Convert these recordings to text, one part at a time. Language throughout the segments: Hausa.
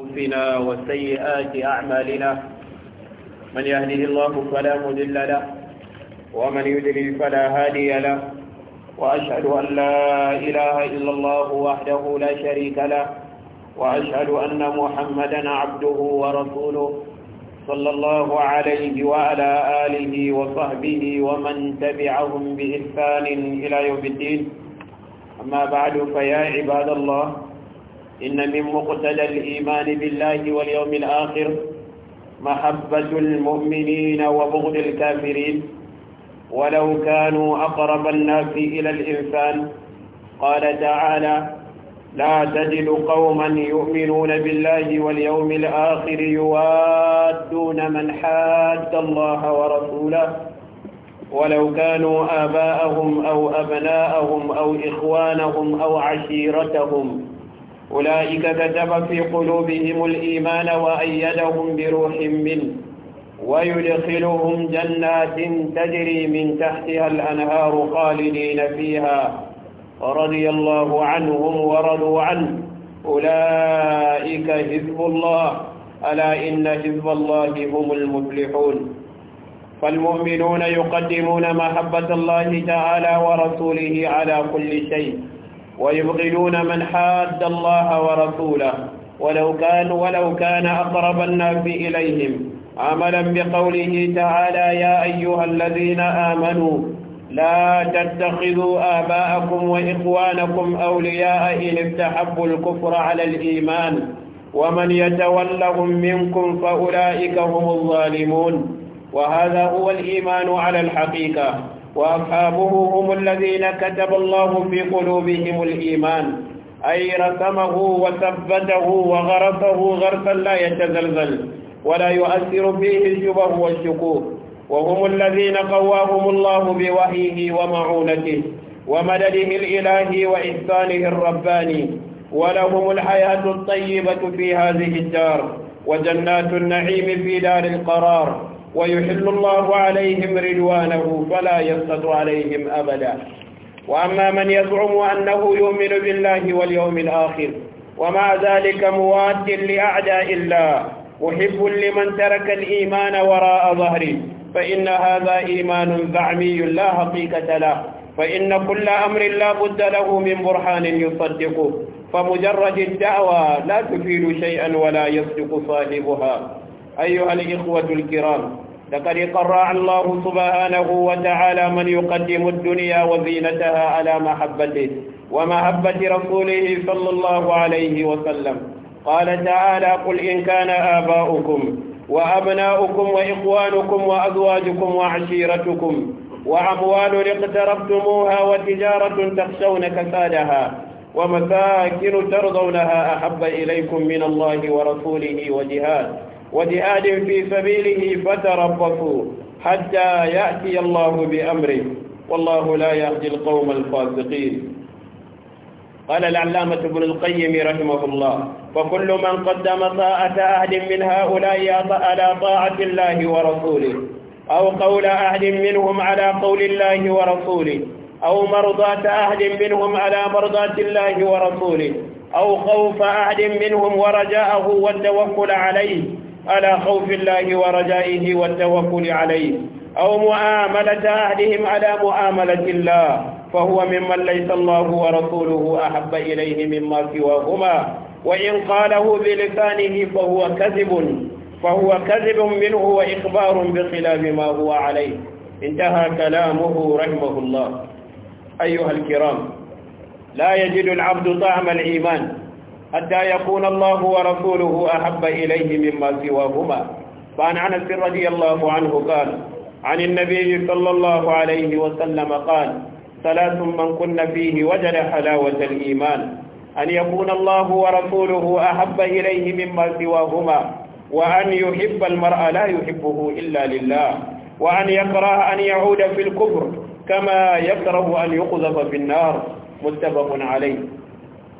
أنفسنا وسيئات أعمالنا من يهده الله فلا مضل له ومن يضلل فلا هادي له وأشهد أن لا إله إلا الله وحده لا شريك له وأشهد أن محمدا عبده ورسوله صلى الله عليه وعلى آله وصحبه ومن تبعهم بإحسان إلى يوم الدين أما بعد فيا عباد الله إن من مقتل الإيمان بالله واليوم الآخر محبة المؤمنين وبغض الكافرين ولو كانوا أقرب الناس إلى الإنسان قال تعالى لا تجد قوما يؤمنون بالله واليوم الآخر يوادون من حاد الله ورسوله ولو كانوا آباءهم أو أبناءهم أو إخوانهم أو عشيرتهم أولئك كتب في قلوبهم الإيمان وأيدهم بروح منه ويدخلهم جنات تجري من تحتها الأنهار خالدين فيها رضي الله عنهم ورضوا عنه أولئك حزب الله ألا إن حزب الله هم المفلحون فالمؤمنون يقدمون محبة الله تعالى ورسوله على كل شيء ويبغضون من حاد الله ورسوله ولو كان ولو كان أقرب الناس إليهم عملا بقوله تعالى يا أيها الذين آمنوا لا تتخذوا آباءكم وإخوانكم أولياء إن استحبوا الكفر على الإيمان ومن يتولهم منكم فأولئك هم الظالمون وهذا هو الإيمان على الحقيقة وأصحابه هم الذين كتب الله في قلوبهم الإيمان أي رسمه وثبته وغرسه غرسا لا يتزلزل ولا يؤثر فيه الجبه والشكوك وهم الذين قواهم الله بوحيه ومعونته ومدده الإلهي وإحسانه الرباني ولهم الحياة الطيبة في هذه الدار وجنات النعيم في دار القرار ويحل الله عليهم رضوانه فلا يسقط عليهم أبدا وأما من يزعم أنه يؤمن بالله واليوم الآخر ومع ذلك مواد لأعداء الله محب لمن ترك الإيمان وراء ظهره فإن هذا إيمان زعمي لا حقيقة له فإن كل أمر لا بد له من برهان يصدقه فمجرد الدعوى لا تفيد شيئا ولا يصدق صاحبها أيها الإخوة الكرام لقد قرع الله سبحانه وتعالى من يقدم الدنيا وزينتها على محبته ومحبة رسوله صلى الله عليه وسلم قال تعالى قل إن كان آباؤكم وأبناؤكم وإخوانكم وأزواجكم وعشيرتكم وأموال اقترفتموها وتجارة تخشون كسادها ومساكن ترضونها أحب إليكم من الله ورسوله وجهاد وجهاد في سبيله فتربصوا حتى يأتي الله بأمره والله لا يهدي القوم الفاسقين قال العلامة ابن القيم رحمه الله فكل من قدم طاعة أهل من هؤلاء على طاعة الله ورسوله أو قول أهل منهم على قول الله ورسوله أو مرضاة أهل منهم على مرضاة الله ورسوله أو خوف أهل منهم ورجاءه والتوكل عليه على خوف الله ورجائه والتوكل عليه أو مؤاملة أهلهم على مؤاملة الله فهو ممن ليس الله ورسوله أحب إليه مما سواهما وإن قاله بلسانه فهو كذب فهو كذب منه وإخبار بخلاف ما هو عليه انتهى كلامه رحمه الله أيها الكرام لا يجد العبد طعم الإيمان حتى يكون الله ورسوله أحب إليه مما سواهما فعن عنس رضي الله عنه قال عن النبي صلى الله عليه وسلم قال ثلاث من كن فيه وجد حلاوة الإيمان أن يكون الله ورسوله أحب إليه مما سواهما وأن يحب المرأة لا يحبه إلا لله وأن يكره أن يعود في الكفر كما يكره أن يقذف في النار متفق عليه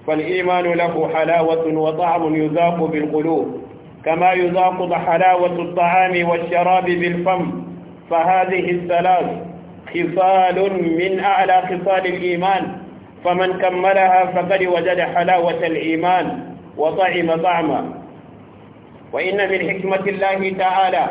فالإيمان له حلاوة وطعم يذاق بالقلوب كما يذاق حلاوة الطعام والشراب بالفم فهذه الثلاث خصال من أعلى خصال الإيمان فمن كملها فقد وجد حلاوة الإيمان وطعم طعما وإن من حكمة الله تعالى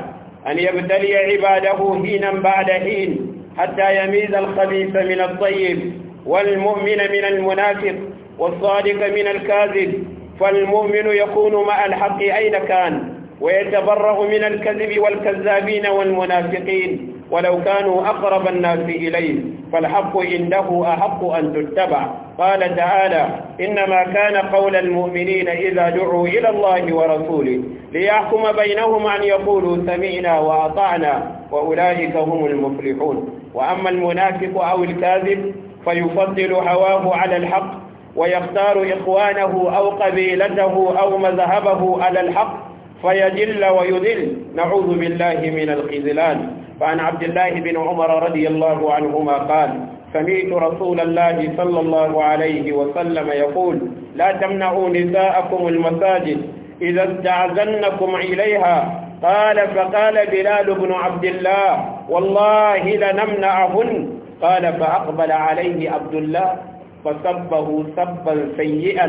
أن يبتلي عباده حينا بعد حين حتى يميز الخبيث من الطيب والمؤمن من المنافق والصادق من الكاذب فالمؤمن يكون مع الحق أين كان ويتبرأ من الكذب والكذابين والمنافقين ولو كانوا أقرب الناس إليه فالحق عنده أحق أن تتبع قال تعالى إنما كان قول المؤمنين إذا دعوا إلى الله ورسوله ليحكم بينهم أن يقولوا سمعنا وأطعنا وأولئك هم المفلحون وأما المنافق أو الكاذب فيفضل هواه على الحق ويختار إخوانه أو قبيلته أو مذهبه على الحق فيجل ويذل نعوذ بالله من الخذلان فعن عبد الله بن عمر رضي الله عنهما قال سمعت رسول الله صلى الله عليه وسلم يقول لا تمنعوا نساءكم المساجد إذا استعزنكم إليها قال فقال بلال بن عبد الله والله لنمنعهن قال فأقبل عليه عبد الله فسبه سبا سيئا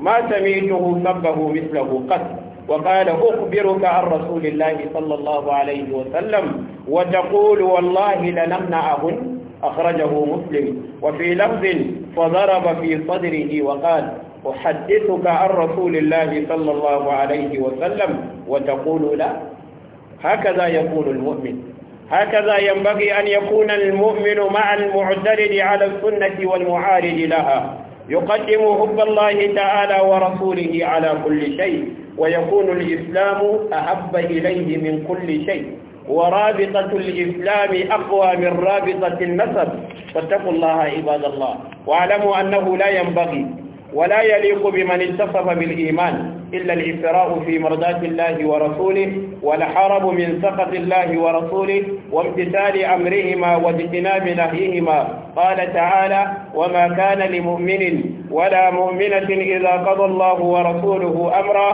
ما سمعته سبه مثله قط وقال أخبرك عن رسول الله صلى الله عليه وسلم وتقول والله لنمنعهن أخرجه مسلم وفي لفظ فضرب في صدره وقال أحدثك عن رسول الله صلى الله عليه وسلم وتقول لا هكذا يقول المؤمن هكذا ينبغي أن يكون المؤمن مع المعترض على السنة والمعارض لها يقدم حب الله تعالى ورسوله على كل شيء ويكون الإسلام أحب إليه من كل شيء ورابطة الإسلام أقوى من رابطة النسب فاتقوا الله عباد الله واعلموا أنه لا ينبغي ولا يليق بمن اتصف بالإيمان إلا الإفراء في مرضات الله ورسوله والحرب من سخط الله ورسوله وامتثال أمرهما واجتناب نهيهما قال تعالى وما كان لمؤمن ولا مؤمنة إذا قضى الله ورسوله أمرا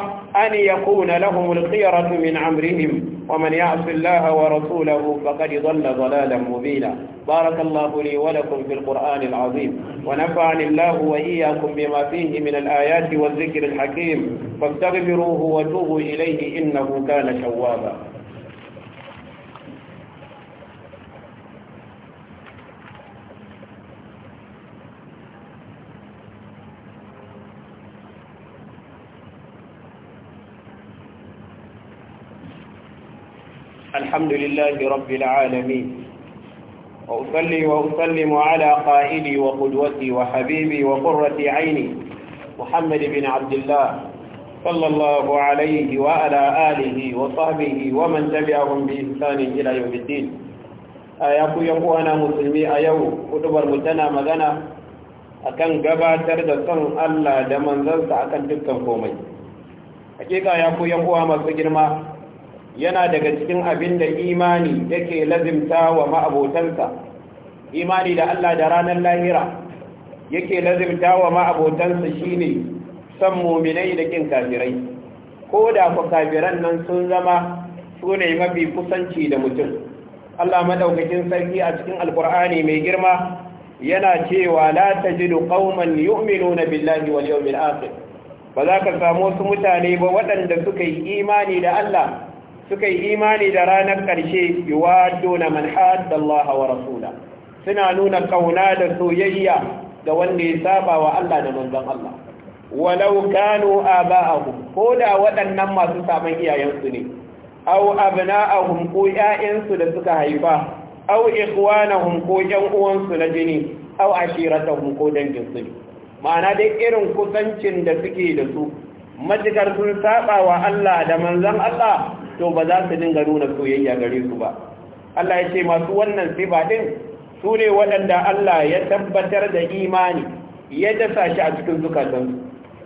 أن يكون لهم الخيرة من أمرهم ومن يعص الله ورسوله فقد ضل ضلالا مبينا بارك الله لي ولكم في القرآن العظيم ونفعني الله وإياكم بما فيه من الآيات والذكر الحكيم فاستغفروه وتوبوا إليه إنه كان شوابا الحمد لله رب العالمين وأصلي وأسلم على قائدي وقدوتي وحبيبي وقرة عيني محمد بن عبد الله صلى الله عليه وعلى آله وصحبه ومن تبعهم بإحسان إلى يوم الدين أياكو يقو أنا مسلمي أيو كتبر متنا مغنى akan gabatar da son Allah da manzansa akan dukkan komai hakika ya ku yan uwa masu girma yana daga cikin abin da imani yake lazimta wa ma'abotansa imani da Allah da ranar lahira yake lazimta wa ma'abotansa shine san muminai da kin kafirai ko da ku kafiran nan sun zama su ne mafi kusanci da mutum Allah madaukakin sarki a cikin alkur'ani mai girma yana cewa la tajidu qauman yu'minuna billahi wal yawmil akhir ba za ka samu wasu mutane ba waɗanda suka yi imani da Allah suka yi imani da ranar ƙarshe dona na da Allah wa rasula suna nuna ƙauna da soyayya da wanda ya saba wa Allah da manzon Allah walau kanu aba'ahum ko da waɗannan masu saman iyayensu ne aw abna'ahum ko ƴaƴansu da suka haifa au ikhwanahum ko ƴan uwansu na jini aw ashiratahum ko dangin su ma'ana dai irin kusancin da suke da su matukar sun saba wa Allah da manzan Allah to ba za su dinga nuna soyayya gare su ba Allah ya ce masu wannan sifa din su ne waɗanda Allah ya tabbatar da imani ya dasa shi a cikin su.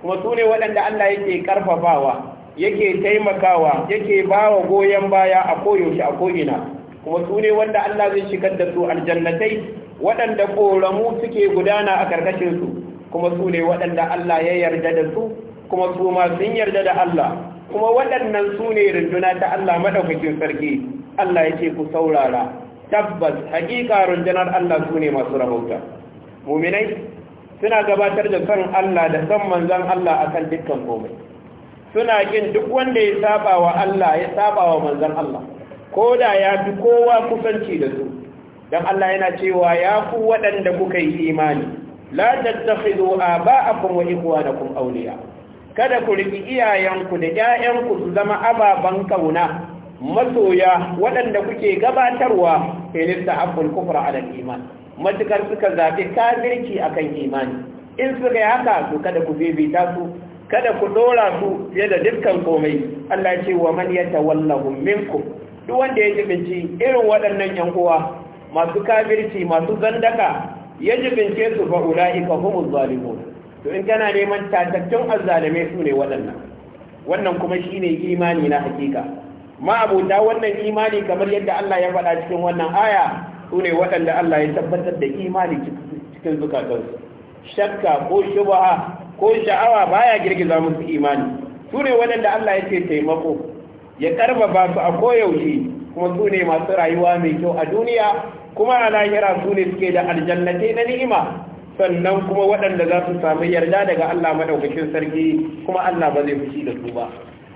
kuma su ne waɗanda Allah yake karfafawa yake taimakawa yake wa goyon baya a koyaushe a ko'ina kuma su ne wanda Allah zai shigar da su aljannatai waɗanda ƙoramu suke gudana a karkashinsu kuma su ne waɗanda Allah ya yarda da su kuma su ma sun yarda da Allah kuma waɗannan su ne runduna ta Allah maɗaukakin sarki Allah ya ce ku saurara tabbas hakika rundunar Allah su ne masu rahauta muminai suna gabatar da son Allah da san manzan Allah akan dukkan komai suna kin duk wanda ya saba wa Allah ya saba wa manzan Allah ko da ya fi kowa kusanci da su dan Allah yana cewa ya ku waɗanda kuka yi imani la tattakhidhu aba'akum na ikhwanakum awliya kada ku riki iyayenku da 'ya'yanku su zama ababen kauna masoya waɗanda kuke gabatarwa filista abul kufra ala iman matukar suka zafi kafirci akan imani in suka yi haka su kada ku bibita su kada ku dora su fiye da dukkan komai Allah ce wa man yatawallahum minkum duk wanda ya jibinci irin waɗannan yan uwa masu kafirci masu zandaka ya jibince su fa ulaika humuz zalimun to in kana neman tatattun azzalame su ne waɗannan wannan kuma shi ne imani na hakika ma'abuta wannan imani kamar yadda Allah ya faɗa cikin wannan aya su ne waɗanda Allah ya tabbatar da imani cikin zukatansu shakka ko shubha ko sha'awa baya girgiza musu imani su ne waɗanda Allah ya ce taimako ya karfafa su a koyaushe kuma su ne masu rayuwa mai kyau a duniya kuma a lahira su ne suke da aljannate na ni'ima sannan kuma waɗanda za su samu yarda daga Allah madaukakin sarki kuma Allah ba zai fushi da su ba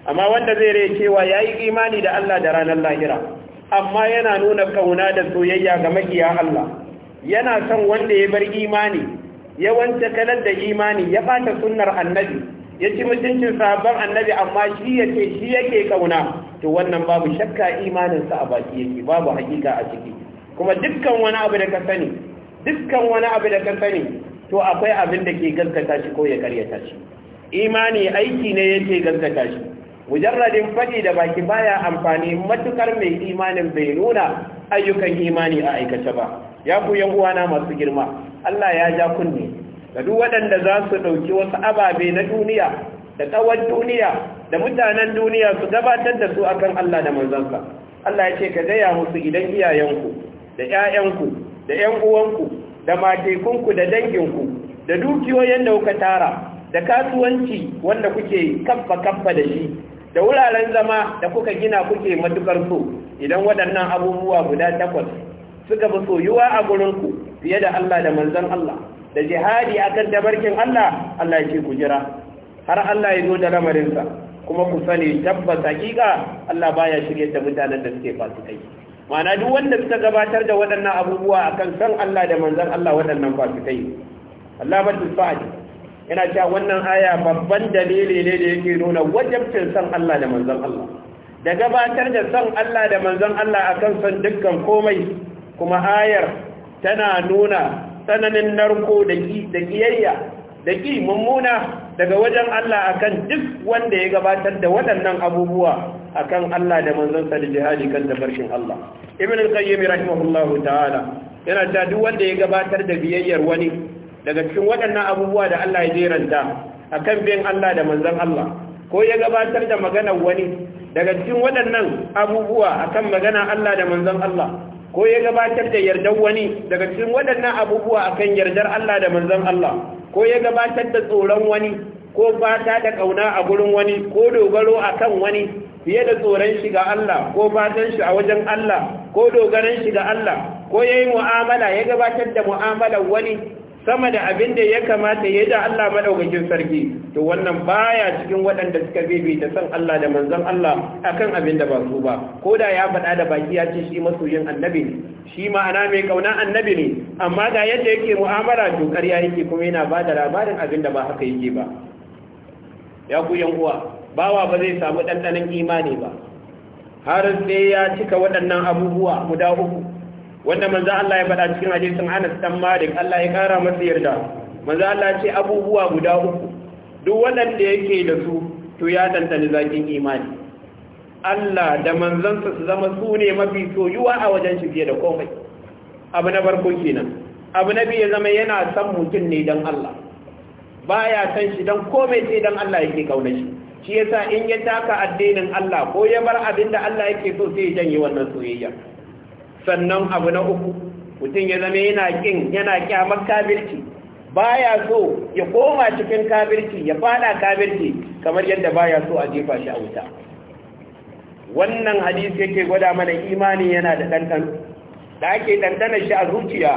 amma wanda zai rai cewa ya yi imani da Allah da ranar lahira amma yana nuna kauna da soyayya ga makiya Allah yana son wanda ya bar imani ya wance kalar da imani ya bata sunnar annabi ya ci mutuncin sabon annabi amma shi ya ce shi yake kauna to wannan babu shakka imaninsa a baki yake babu hakika a ciki kuma dukkan wani abu da ka sani dukkan wani abu da ka sani to akwai abin da ke gaskata shi ko ya karyata shi imani aiki ne yake gaskata shi mujarradin faɗi da baki baya amfani matukar mai imanin bai nuna ayyukan imani a aikace ba ya ku yan uwana masu girma Allah ya ja kunne da duk waɗanda za su ɗauki wasu ababe na duniya da tsawon duniya da mutanen duniya su gabatar da su akan Allah da manzansa Allah ya ce ka gaya musu idan iyayenku da 'ya'yanku da ‘yan uwanku da matekunku da danginku da dukiyoyin da kuka tara da kasuwanci wanda kuke kaffa-kaffa da shi da wuraren zama da kuka gina kuke matukar so idan waɗannan abubuwa guda takwas suka fi soyuwa a gurinku fiye da Allah da manzon Allah da jihadi akan tabarkin Allah Allah ya ce ku jira har Allah ya zo da lamarinsa kuma ku sani tabbas hakika Allah baya shirye da mutanen da suke fasikai Ma'ana duk wanda suka gabatar da waɗannan abubuwa akan san Allah da manzan Allah waɗannan fasikai Allah su fa'adi yana cewa wannan aya babban dalili ne da yake nuna wajabcin san Allah da manzan Allah da gabatar da san Allah da manzan Allah akan san dukkan komai kuma ayar tana nuna tsananin narko da ƙiyayya da ƙi mummuna daga wajen Allah akan duk wanda ya gabatar da waɗannan abubuwa akan Allah da manzansa da jihadi kan tabarshin Allah ibn al-qayyim rahimahullahu ta'ala yana ta duk wanda ya gabatar da biyayyar wani daga cikin waɗannan abubuwa da Allah ya jeranta akan bin Allah da manzon Allah ko ya gabatar da maganar wani daga cikin waɗannan abubuwa akan magana Allah da manzon Allah ko ya gabatar da yardar wani daga cikin waɗannan abubuwa akan yardar Allah da manzon Allah ko ya gabatar da tsoron wani ko fata da kauna a gurin wani ko dogaro akan wani fiye da tsoron shi ga Allah ko fatan shi a wajen Allah ko dogaran shi ga Allah ko yayi mu'amala ya gabatar da mu'amalar wani sama da abin da ya kamata ya da Allah maɗaukakin sarki to wannan baya cikin waɗanda suka da san Allah da manzon Allah akan abin da ba su ba ko da ya faɗa da baki ya ce shi masoyin annabi ne shi ma'ana mai kauna annabi ne amma ga yadda yake mu'amala to ya yake kuma yana ba da labarin abin da ba haka yake ba ya ku yan uwa bawa ba zai samu ɗanɗanon imani ba har sai ya cika waɗannan abubuwa guda uku wanda manzo Allah ya faɗa cikin hadisin Anas dan Malik Allah ya kara masa yarda manzo Allah ce abubuwa guda uku duk waɗanda yake da su to ya tantance zakin imani Allah da manzansa su zama su ne mafi soyuwa a wajen shi fiye da komai abu na farko kenan abu na biyu ya zama yana son mutum ne dan Allah Ba ya san shi don komai sai don Allah yake kauna shi shi sa in ya taka addinin Allah ko ya bar abin da Allah yake so sai ya janye wannan soyayya sannan abu na uku mutum ya zama yana kin yana kyamar ba ya so ya koma cikin kabirci ya fada kabirci kamar yadda ba ya so a jefa shi a wuta wannan hadisi yake gwada mana imani yana da ɗanɗano, da ake dantanar shi a zuciya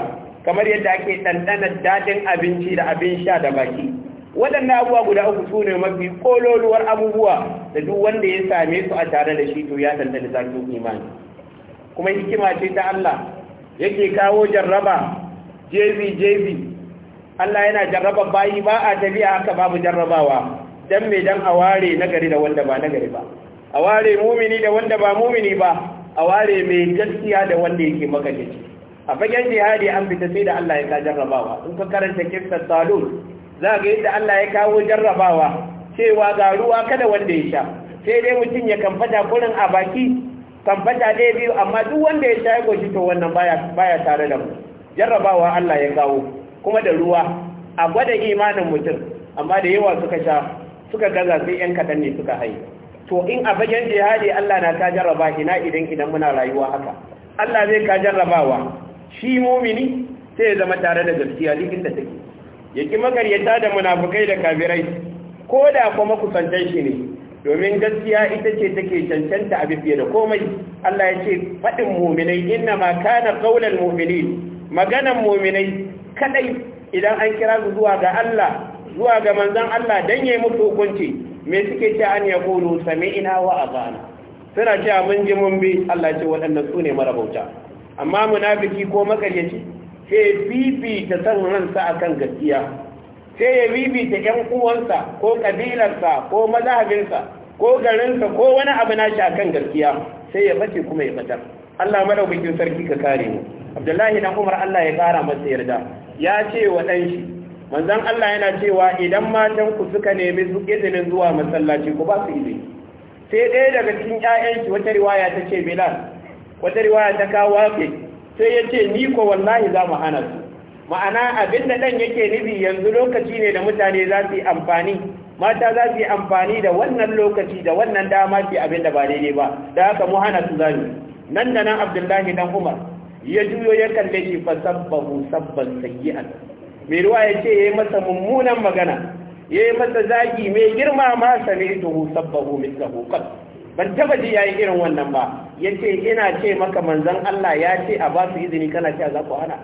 kamar yadda ake dantanar daɗin abinci da abin sha da baki waɗannan abubuwa guda uku su ne mafi kololuwar abubuwa da duk wanda ya same su a tare da shi to ya tantance zakin imani kuma hikima ce ta Allah yake kawo jarraba jezi jezi Allah yana jarraba bayi ba a tafiya haka babu jarrabawa dan me dan a ware nagari da wanda ba nagari ba a ware mumini da wanda ba mumini ba a ware mai gaskiya da wanda yake makaci a fagen jihadi an fita sai da Allah ya ka jarrabawa in ka karanta kissar salul za ga yadda Allah ya kawo jarrabawa cewa ga ruwa kada wanda ya sha sai dai mutum ya kamfata kurin a baki kamfata dai biyu amma duk wanda ya sha ya goshi to wannan baya baya tare da mu jarrabawa Allah ya kawo kuma da ruwa a gwada imanin mutum amma da yawa suka sha suka gaza sai yan kaɗan ne suka hai to in a bajen jihadi Allah na ta jarraba ina idan idan muna rayuwa haka Allah zai ka jarrabawa shi mumini sai ya zama tare da gaskiya duk inda take yaki makaryata da munafukai da kafirai ko da kuma kusantan shi ne domin gaskiya ita ce take cancanta a bifiye da komai Allah ya ce faɗin muminai inna ma kana qaulal mu'minin maganan muminai kadai idan an kira su zuwa ga Allah zuwa ga manzan Allah dan yayi musu hukunci me suke ce an sami sami'na wa ata'na suna cewa mun ji mun bi Allah ce waɗannan su ne marabauta amma munafiki ko makaryaci sai bibita san ransa akan gaskiya sai ya bibita yan uwansa ko ƙabilarsa ko mazahabinsa ko garinsa ko wani abu nashi akan gaskiya sai ya bace kuma ya batar Allah maɗaukakin sarki ka kare mu Abdullahi dan Umar Allah ya kara masa yarda ya ce wa dan shi manzon Allah yana cewa idan matan ku suka nemi su izinin zuwa masallaci ku ba su izini sai ɗaya daga cikin ƴaƴan shi wata riwaya ta ce Bilal wata riwaya ta kawo wafe sai ya ce ni ko wallahi za mu hana su ma'ana abin da ɗan yake nufi yanzu lokaci ne da mutane za su yi amfani mata za su yi amfani da wannan lokaci da wannan dama ke abin da ba daidai ba da haka mu hana su zani nan da nan abdullahi dan umar ya juyo ya kalle shi fa sabbahu sabban sayyi'an mai ruwa ya ce yayi masa mummunan magana yayi masa zagi mai girma ma sami tuhu sabbahu mislahu qad ban taba ji yayi irin wannan ba ya ce ina ce maka manzan Allah ya ce a ba su izini kana ce a za ku hana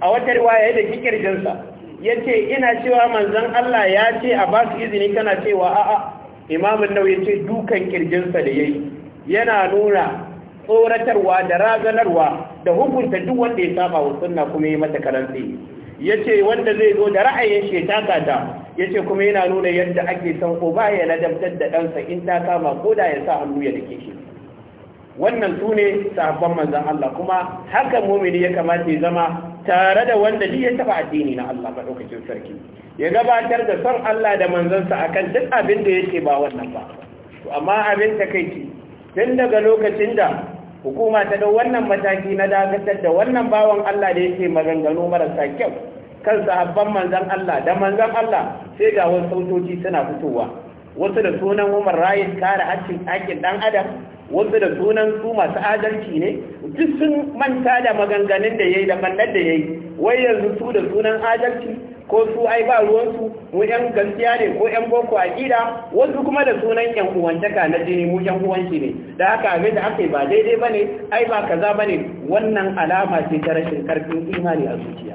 a wata riwaya da kikirjinsa ya ce ina cewa manzan Allah ya ce a ba su izini kana cewa a'a imamun nau ya ce dukan kirjinsa da ya yi yana nuna tsoratarwa da razanarwa da hukunta duk wanda ya saba wa sunna kuma yi mata karanci ya ce wanda zai zo da ra'ayin shi ta kata ya ce kuma yana nuna yadda ake san ko ba ya ladabtar da ɗansa in ta kama ko da ya sa hannu ya dake shi wannan su ne sahabban manzan Allah kuma haka mumini ya kamata ya zama tare da wanda ji ya taba addini na Allah ɗaukacin sarki ya gabatar da son Allah da manzansa kan duk abin da yake ba wannan ba to amma abin ta takeici tun daga lokacin da hukuma ta ɗau, wannan mataki na dakatar da wannan bawan Allah da yake maganganu marasa kyau kan sahabban manzan Allah da manzan Allah sai ga wasu sautoci suna fitowa wasu da sunan Umar rayin kare haƙƙin akin ɗan adam wasu da sunan su masu adalci ne duk sun manta da maganganun da ya yi da bannan da ya yi wai yanzu su da sunan adalci ko su ai ba ruwansu mu yan gaskiya ne ko yan boko a ƙida wasu kuma da sunan yan uwantaka na jini mu yan uwanci ne da haka abin da aka ba daidai ba ne ai ba kaza ba ne wannan alama ce ta rashin karfin imani a zuciya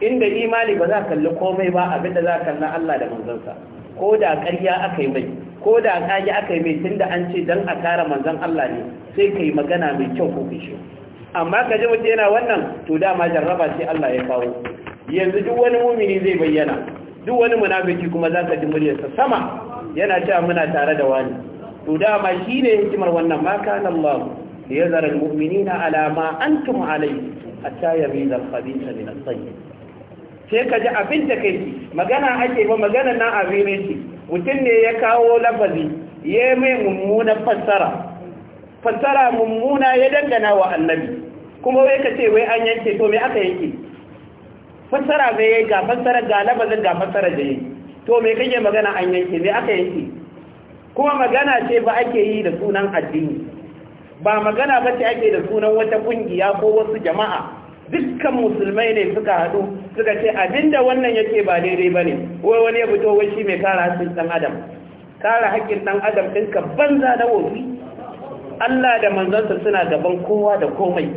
inda imani ba za kalli komai ba abin da za kalla Allah da manzansa ko da ƙarya aka yi mai ko da ƙage aka yi mai tun da an ce don a kare manzon Allah ne sai ka yi magana mai kyau ko fishe amma ka ji yana wannan to dama jarraba sai Allah ya kawo yanzu duk wani mumini zai bayyana duk wani munafiki kuma za ka ji muryarsa sama yana cewa muna tare da wani to dama shine hikimar wannan ma kana Allah zara mu'minina ala ma antum alayhi hatta yamiza khabitha min at-tayyib sai ka ji abin da kai magana ake ba magana na abin rike mutum ne ya kawo lafazi ya yi mai mummuna fassara fassara mummuna ya dangana wa annabi kuma wai ka ce wai an yanke to mai aka yanke fassara zai yi ga fassara ga lafazin ga fassara da yi to mai kake magana an yanke mai aka yanke kuma magana ce ba ake yi da sunan addini ba magana ba ce ake da sunan wata kungiya ko wasu jama'a dukkan musulmai ne suka haɗu suka ce abinda wannan yake ba daidai ba ne wai wani ya fito wai shi mai kare haƙƙin ɗan adam kare haƙƙin ɗan adam ɗinka banza da wofi Allah da manzansa suna gaban kowa da komai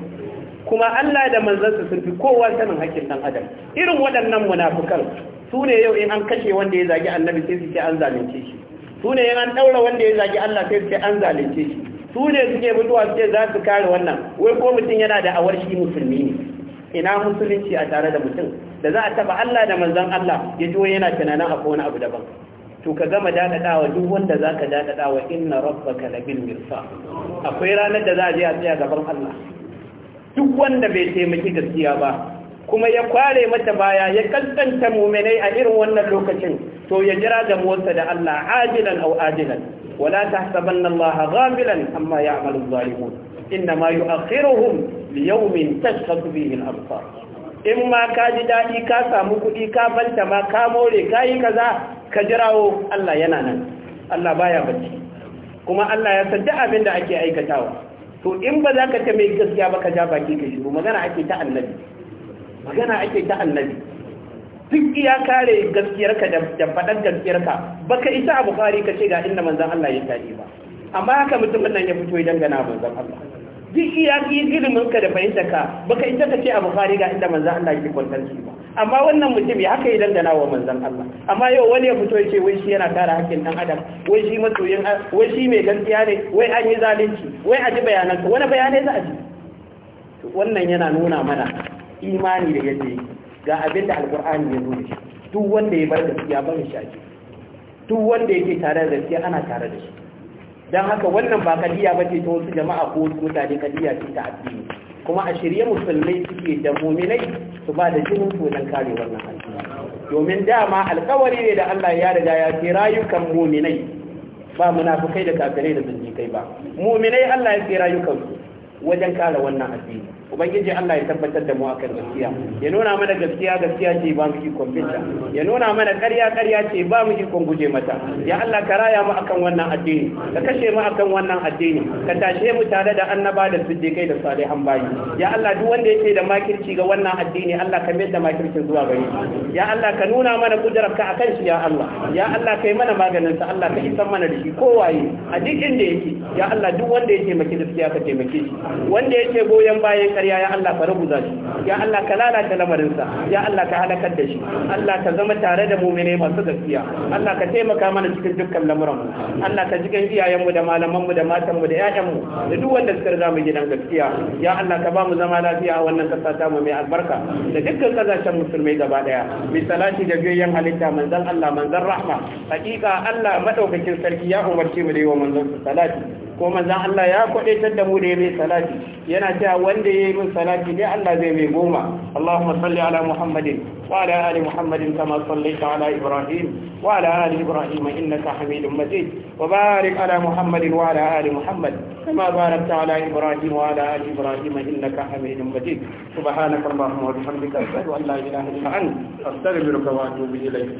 kuma Allah da manzansa sun fi kowa sanin haƙƙin ɗan adam irin waɗannan munafukan su ne yau in an kashe wanda ya zagi annabi sai su ce an zalunce shi su ne in an ɗaura wanda ya zagi Allah sai su ce an zalunce shi su ne suke mutuwa suke za su kare wannan wai ko mutum yana da awar shi musulmi ne ina musulunci a tare da mutum da za a taba Allah da manzan Allah ya jiwo yana tunanin a wani abu daban to ka gama dadadawa duk wanda za ka dadadawa inna rabbaka labil mirsa akwai ranar da za a je a tsaya gaban Allah duk wanda bai taimaki gaskiya ba kuma ya kware mata baya ya kaskanta muminai a irin wannan lokacin to ya jira da motsa da Allah ajilan aw ajilan wala tahsabanna Allah ghafilan amma ya'malu zalimun inna ma yu'akhiruhum liyaumin tashhadu bihi al-absar in ma ka ji dadi ka samu kudi ka balta ma ka more ka yi kaza ka jirawo Allah yana nan Allah baya bacci kuma Allah ya san duk abin da ake aikatawa to in ba za ka ta mai gaskiya ba ka ja baki ka shiru magana ake ta annabi magana ake ta annabi duk iya kare gaskiyarka da fadar gaskiyarka ba ka isa a bukari ka ce ga inda manzan Allah ya taɗi ba amma haka mutumin nan ya fito ya dangana manzan Allah duk iya ilimin ka da fahimta ka baka ita ka ce a bukari ga inda manzan Allah ke kwantar ba amma wannan mutum ya haka yi dana wa manzan Allah amma yau wani ya fito ya ce wai shi yana tara hakkin dan adam wai shi masoyin wai shi mai gaskiya ne wai an yi zalunci wai a ji bayanan ka wani bayanai za a ji wannan yana nuna mana imani da yadda yake ga abin da alkur'ani ya zo da shi duk wanda ya bar gaskiya bar shi a duk wanda yake tare da gaskiya ana tare da shi don haka wannan ba kadiya ba ce ta wasu jama'a ko wasu mutane kadiya ce ta addini kuma a shirye musulmai suke da muminai su ba da jinin su kare wannan alƙawari domin dama alƙawari ne da Allah ya riga ya ce rayukan muminai ba munafukai da kafirai da zindikai ba muminai Allah ya ce rayukan su wajen kare wannan addini ubangiji Allah ya tabbatar da mu akan gaskiya ya nuna mana gaskiya gaskiya ce ba mu ikon binta ya nuna mana ƙarya ƙarya ce ba mu ikon guje mata ya Allah ka raya mu akan wannan addini ka kashe mu akan wannan addini ka tashe mu tare da annaba da siddiqai da salihan bayi ya Allah duk wanda yake da makirci ga wannan addini Allah ka mai da makircin zuwa gare ya Allah ka nuna mana ka akan shi ya Allah ya Allah kai mana maganin sa Allah ka isar mana da shi Ko waye a duk inda yake ya Allah duk wanda yake maki gaskiya ka taimake shi wanda yake goyen bayan ƙarya ya Allah ka rubuta shi ya Allah ka lalata lamarinsa ya Allah ka halakar da shi Allah ka zama tare da mu'mine masu gaskiya Allah ka taimaka mana cikin dukkan lamuran Allah ka iyayen mu da mu da mu da mu da duk wanda suka zamu gidan gaskiya ya Allah ka ba mu zama lafiya a wannan ƙasa ta mu mai albarka da dukkan ƙasashen musulmai gaba daya mai salati da biyayyen halitta manzon Allah manzon rahma hakika Allah madaukakin sarki ya umarci mu da yi wa manzon salati ko manzan Allah ya kwadaitar da mu da ya mai salati yana ta wanda ya yi min salati dai Allah zai mai goma Allahumma salli ala Muhammadin wa ala ali Muhammadin kama sallaita ala Ibrahim wa ala ali Ibrahim innaka Hamidum Majid wa barik ala Muhammadin wa ala ali Muhammad kama barakta ala Ibrahim wa ala ali Ibrahim innaka Hamidum Majid subhanaka Allahumma wa bihamdika ashhadu an la ilaha illa anta astaghfiruka wa atubu ilayk